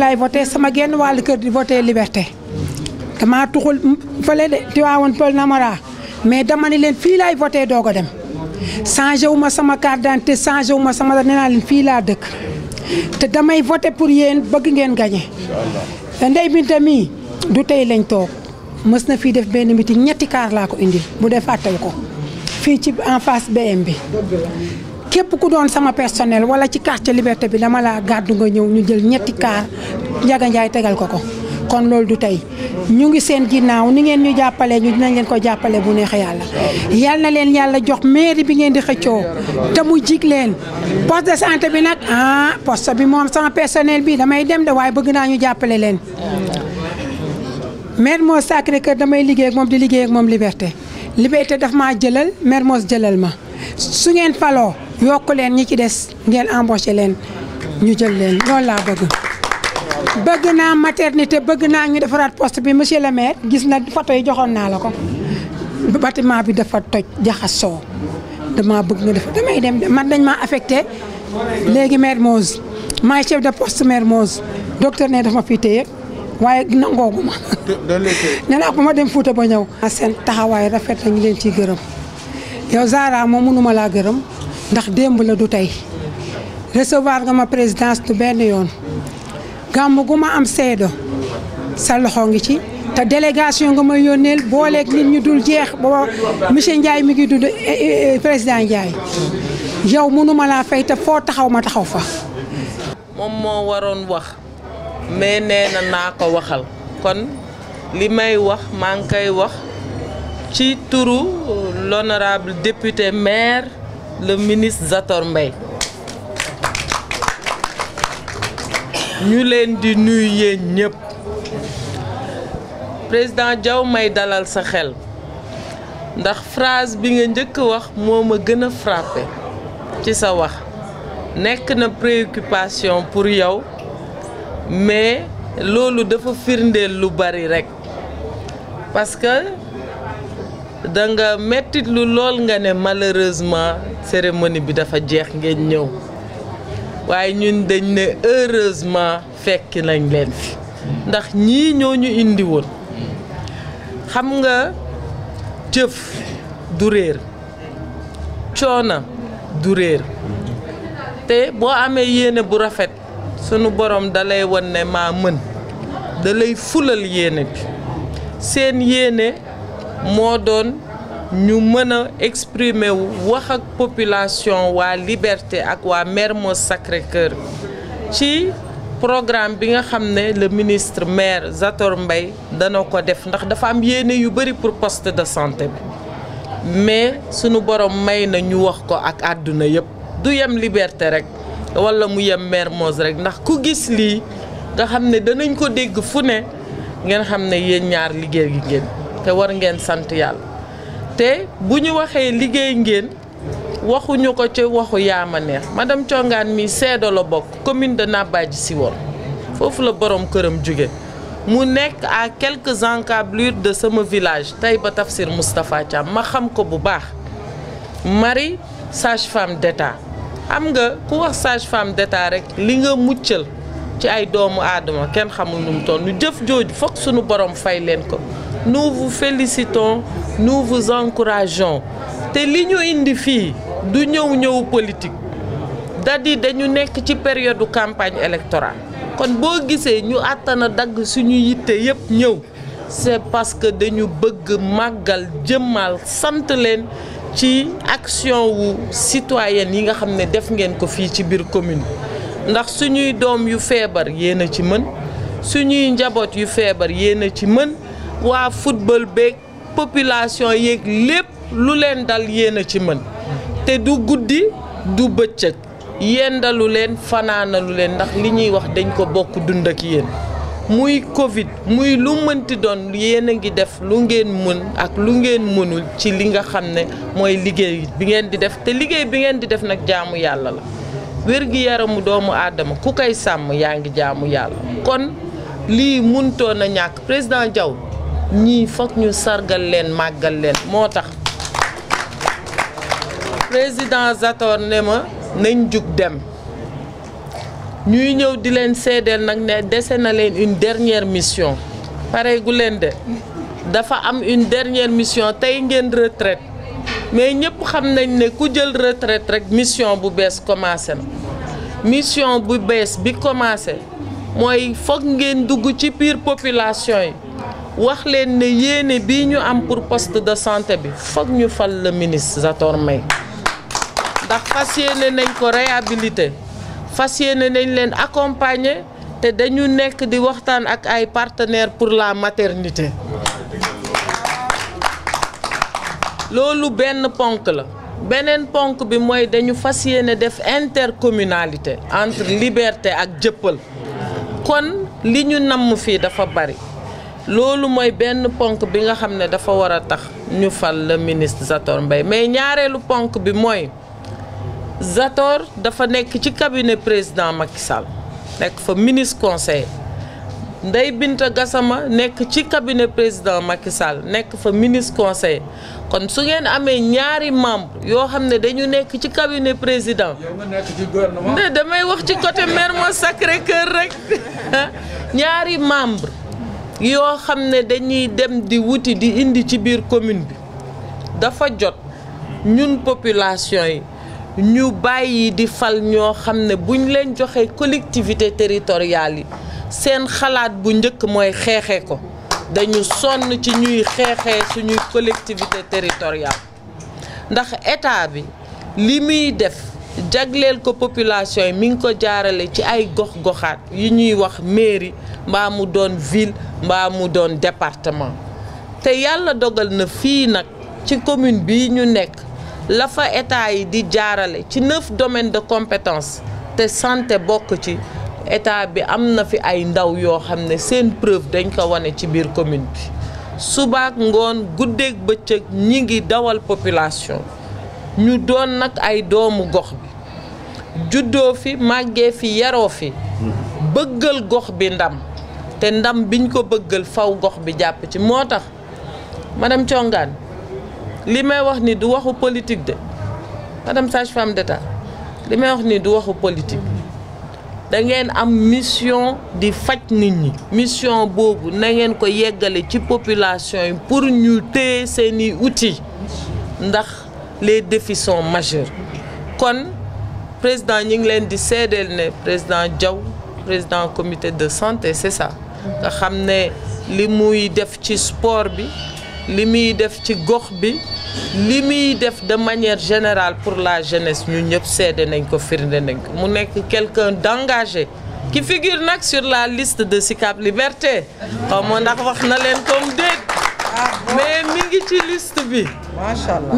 laay voté sama genn wàllu kër di voté liberté damaa tuxul fële de Tiwaawoon Pël Namara mais dama leen fii laay voté doog a dem changé wu ma sama carte d'identité changé wu ma sama nee naa leen fii laa dëkk te damay voté pour yéen bëgg ngeen gagné. te ndey Binta mii du tey lañ toog mës na fii def benn meeting ñetti kaar laa ko indi bu defaat tey ko fii ci en face BM bi. képp ku doon sama personnel wala ci quartier liberté bi dama laa gàddu nga ñëw ñu jël ñetti kaar Ndiaga njaay tegal ko ko kon loolu du tey ñu ngi seen ginnaaw ni ngeen ñu jàppalee ñu dinañ leen ko jàppale bu neexee yàlla yal na leen yàlla jox mairie bi ngeen di xëccoo te mu jig leen poste de santé bi nag ah poste bi moom sama personnel bi damay dem de waaye bëgg naa ñu jàppale leen maire mos Sacré Cœur damay liggéey moom di liggéey ak moom liberté liberté daf maa jëlal maire moo ma su ngeen faloo yokk leen ñi ci des ngeen embauché leen ñu jël leen lool laa bëgg. bëgg naa maternité bëgg naa ñu defaraat post bi monsieur le maire gis na photo joxoon naa la ko bâtiment bi dafa toj jaxas jaxasoo dama bëgg nga def damay dem man dañ maa affecté léegi maire Mermoz maay chef de poste maire Mermoz ne dafa ma fii téye waaye nangoogu ma nee naa ko ma dem Fuuta ba ñëw seen taxawaay rafet nañu leen ci gërëm yow Zahra moom mënuma laa gërëm ndax démb la du tey recevoir nga ma présidence du benn yoon gàmm gu ma am seedo sa loxo ngi ci te délégation nga ma yónneel booleeg nit ñu dul jeex boo monsieur Ndiaye mi ngi dund eh, eh, eh, président Ndiaye yow mënuma laa fay te foo taxaw ma taxaw fa. moom moo waroon wax mais nee na naa ko waxal kon li may wax maa ngi koy wax ci turu l'honorable député maire. le ministre Zator Mbaye ñu leen di nuyu yéen ñëpp président Diaw may dalal sa xel ndax phrase bi nga njëkk wax moo ma gën a frappé ci sa wax nekk na préoccupation pour yow mais loolu dafa firndeel lu bari rekk parce da nga mettit lool nga ne malheureusement cérémonie bi dafa jeex ngeen ñëw waaye ñun dañ ne heureusement fekk nañ leen fi ndax ñii ñoo ñu indi woon xam nga jëf du coona du réer te boo amee yéene bu rafet sunu borom dalay won ne maa mën dalay fulal yéene bi seen yéene moo doon ñu mën a exprimer wu wax ak population waa Liberté ak waa Mermoz Sacré-Cœur ci programme bi nga xam ne le ministre maire Zator mbay dana ko def ndax dafa am yéene yu bëri pour poste de santé bi mais sunu borom may na ñu wax ko ak àdduna yëpp du yem Liberté rek wala mu yem Mermoz rek ndax ku gis lii nga xam ne danañ ko dégg fu ne ngeen xam ne yéen ñaar liggéey gi ngeen te war ngeen sant yàlla te bu ñu waxee liggéey ngeen waxuñu ko ci waxu yaama neex dem Thiongaan mi seedo la bokk commune de Nabadji Civol foofu la borom këram jóge mu nekk à quelques encablures de sama village tey Taïba Tafsir Moustapha Thiam ma xam ko bu baax Marie sage-femme d'État xam nga ku wax sage-femme d'État rek li nga muccal ci ay doomu aadama kenn xamul nu mu toll nu jëf jooju foog sunu borom fay leen ko nous vous félicitons nous te li ñu indi fii du ñëw ñëw politique dadi dañu nekk ci période campagne électorale kon boo gisee ñu àttana dagg suñu yitte yépp ñëw c'est parce que dañu bëgg màggal jëmmal sant leen ci action wu citoyenne yi nga xam ne def ngeen ko fii ci biir commune ndax suñuy doom yu feebar yéen a ci mën suñuy njaboot yu feebar yéen a ci mën waa football beeg population yéeg lépp lu leen dal yéen a ci mën te du guddi du bëccëg yendalu leen fanaanalu leen ndax li ñuy wax dañ ko bokk dund ak yéen muy Covid muy lu mënti doon yéen a ngi def lu ngeen mën ak lu ngeen mënul ci li nga xam ne mooy liggéey bi ngeen di def te liggéey bi ngeen di def nag jaamu yàlla la wér-gi-yaramu doomu aadama ku koy sàmm yaa ngi jaamu yàlla kon lii muntoon na ñàkk président Diaw ñii foog ñu sargal leen màggal leen moo tax président Zator ne ma nañ jug dem ñuy ñëw di leen seedeel nag ne dese na leen une dernière mission pare gu leen de dafa am une dernière mission tey ngeen retraite mais ñëpp xam nañ ne ku jël retraite rek mission bu bees commencé na mission bu bees bi commencé mooy foog ngeen dugg ci piir population yi wax leen ne yéene bii ñu am pour poste de santé bi foog ñu fal la ministre Zator Mbaye ndax fas yéene nañ ko réhabilité fas yéene nañ leen accompagner te dañu nekk di waxtaan ak ay partenaires pour la maternité loolu benn ponk la beneen ponk bi mooy dañu fas yéene def intercommunalité entre Liberté ak Jëppal kon li ñu namm fii dafa bari loolu mooy benn ponk bi nga xam ne dafa war a tax ñu fal la ministre Zator mbay mais ñaareelu ponk bi mooy Zator dafa nekk ci cabinet président Macky Sall nekk fa ministre conseil Ndeye Binta Gassama nekk ci cabinet président Macky Sall nekk fa ministre conseil kon su ngeen amee ñaari membre yoo xam ne dañu nekk ci cabinet président. yow damay wax ci côté Mermoz Sacré-Cœur rek ñaari membre yoo xam ne dañuy dem di wuti di indi ci biir commune bi dafa jot ñun population yi ñu bàyyi di fal ñoo xam ne buñ leen joxee collectivité teritorial yi seen xalaat bu njëkk mooy xeexee ko dañu sonn ci ñuy xeexee suñuy collectivité teritorial ndax état bi li muy def jagleel ko population yi mi ngi ko jaarale ci ay gox-goxaat yu ñuy wax mairie mbaa mu doon ville mbaa mu doon département te yàlla dogal na fii nag ci commune bi ñu nekk la fa état yi di jaarale ci neuf domaines de compétence te santé bokk ci état bi am na fi ay ndaw yoo xam ne seen preuve dañ ko wane ci biir commune bi subaak ngoon guddeeg bëccëg ñi ngi dawal population ñu doon nag ay doomu gox bi juddoo fi màggee fi yaroo fi bëggal gox bi ndam te ndam biñ ko bëggal faw gox bi jàpp ci moo tax madame Thiongane li may wax ni du waxu politik de madame sage li may wax ni du waxu politique da am mission di faj nit ñi mission boobu na ngeen ko yeggale ci population yi pour ñu téye seeni wuti ndax les défis sont majeurs kon président ñu ngi leen di seedeel ne président jaw président comité de santé c'est ça nga xam ne li muy def ci sport bi li muy def ci gox bi li muy def de manière générale pour la jeunesse ñu ñëpp sedd nañ ko firnde nañ ko mu nekk quelqu'un d'engagé ki figure nag sur la liste de Sicap Liberté xaw ma ndax wax na leen comme déet ngi ci liste bi.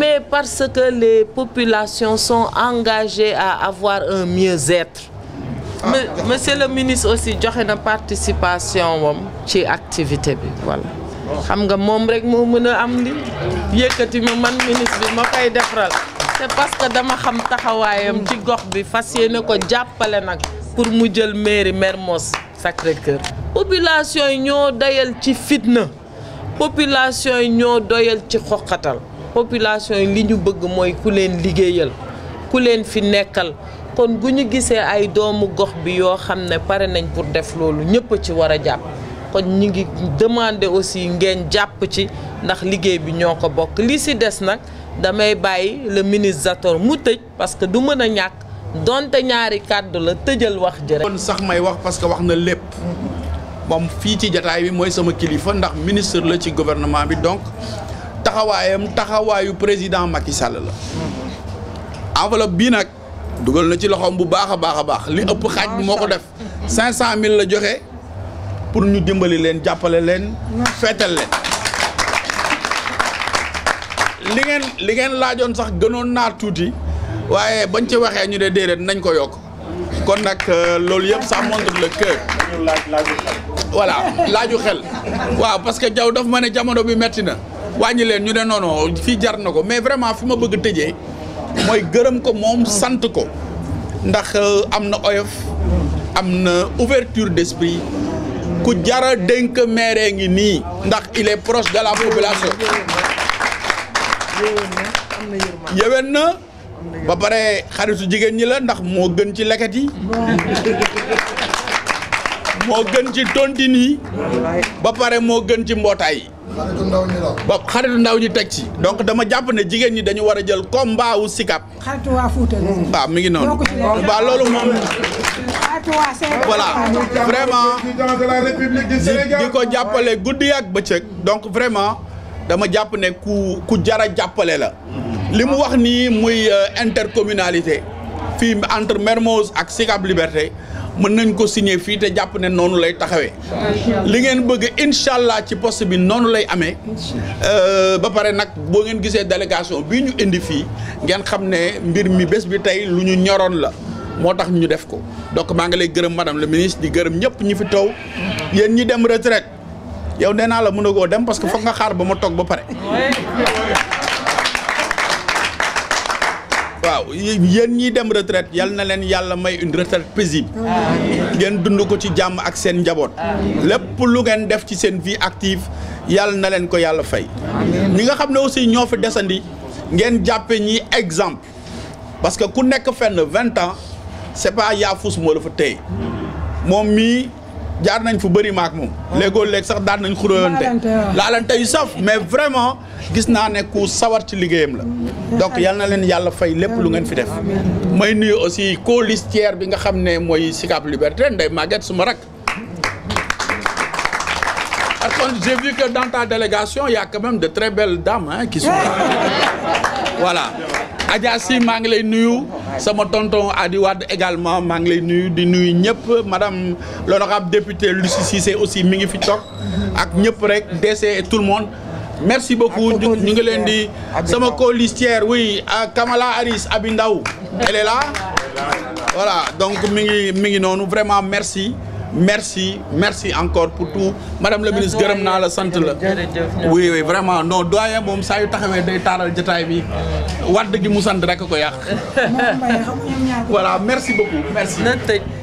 mais parce que les populations sont engagées à avoir un mieux-être. Ah, monsieur le ministre aussi joxe na participation wam ci activité bi xam nga moom rek moo mën a am li yëkkati ma man ministre bi ma koy defaral. c'est parce que dama xam taxawaayam ci gox bi fas ne ko jàppale nag pour mu jël mairie Mermoz Sacré-Cœur population yi ñoo dayal ci fitna. population yi ñoo doyal ci xoqatal population yi li ñu bëgg mooy ku leen liggéeyal ku leen fi nekkal kon bu ñu gisee ay doomu gox bi yoo xam ne pare nañ pour def loolu ñëpp ci war a jàpp kon ñu ngi demandé aussi ngeen jàpp ci ndax liggéey bi ñoo ko bokk li si des nag damay bàyyi le ministre Zator mu tëj parce que du mën a ñàkk donte ñaari kàddu la tëjal wax ji kon sax may wax parce que wax na lépp moom fii ci jataay bi mooy sama kilifa ndax ministre la ci gouvernement bi donc taxawaayam taxawaayu président Macky Sall la enveloppe bii nag dugal na ci loxoom bu baax a baax a baax li ëpp xaaj moo ko def cinq cent mille la joxe pour ñu dimbali leen jàppale leen feetal leen li ngeen li ngeen laajoon sax gënoon naa tuuti waaye bañ ci waxee ñu ne déedéet nañ ko yokk kon nag euh, loolu yëpp ça montre le cœur ñu laaj laaju xel. xel waaw parce que jaw dafa ma ne jamono bi metti na wàññi leen ñu ne non non fii jar na ko mais vraiment fi ma bëgg tëjee mooy gërëm ko moom sant ko ndax euh, am na oyof am na ouverture d'esprit ku jara dénk maire ngi nii ndax il est proche de la population yéwén na ba pare xaritu jigéen ñi la ndax moo gën ci leket yi moo gën ci tontine yi ba pare moo gën ci mbootaay yi ba xaritu ndaw ñi teg ci donc dama jàpp ne jigéen ñi dañu war a jël combat wu sikap xaritu waa Fuuta mi ngi noonu waaw loolu moom voilà vraiment di ko jàppale guddi ak bëccëg donc vraiment dama jàpp ne ku ku jara jàppale la li mu wax nii muy euh, intercommunalité fii entre Mermoz ak Sicap Liberté mën nañ ko signer fii te jàpp ne noonu lay taxawee li ngeen bëgg incha allah ci poste bi noonu lay amee euh, ba pare nag boo ngeen gisee délégation bii ñu indi fii ngeen xam ne mbir mi bés bi tey lu ñu ñoroon la moo tax ñu def ko donc maa ngi lay gërëm madame la ministre di gërëm ñëpp ñi fi taw yen ñi dem retraite yow nee naa la mën a koo dem parce que foog nga xaar ba ma toog ba pare waaw yéen ñiy dem retrait yal na leen yàlla may une retraite paisible ngeen dund ko ci jàmm ak seen njaboot lépp lu ngeen def ci seen vie active yàlla na leen ko yàlla fay ñi nga xam ne aussi ñoo fi desandi ngeen jàppe ñi exemple parce que ku nekk fenn vingt ans c'est pas yaafus moo la fa tey mm. moom mii jaar nañ fu bëri maak moom. Ah. léegoo léeg sax daan nañ xuróoyante laalante yu saf mais vraiment gis naa ne ku sawar ci liggéeyam la. donc yal na leen yàlla fay lépp lu ngeen fi def. may nuyu aussi colistière bi nga xam ne mooy Sicap Liberté Ndeye Maguette suma rek par contre j'ai vu que dans ta même de très belles dames hein, qui maa ngi lay nuyu. sama tonton Adi Wade également maa ngi lay nuyu di nuyu ñëpp madame l'honorable député Lucie Cissé aussi mi ngi fi toog ak ñëpp rek DC et tout le monde merci beaucoup ñu ngi leen di sama colistière oui Kamala Harris Abi Ndaw elle est donc mi ngi mi ngi noonu vraiment merci merci merci encore pour tout madame la ministre gërëm naa la sant la oui oui vraiment non doyen moom saa yu taxawee day taaral jataay bi wadd gi mu sant rek a ko yàq voilà merci beaucoup merci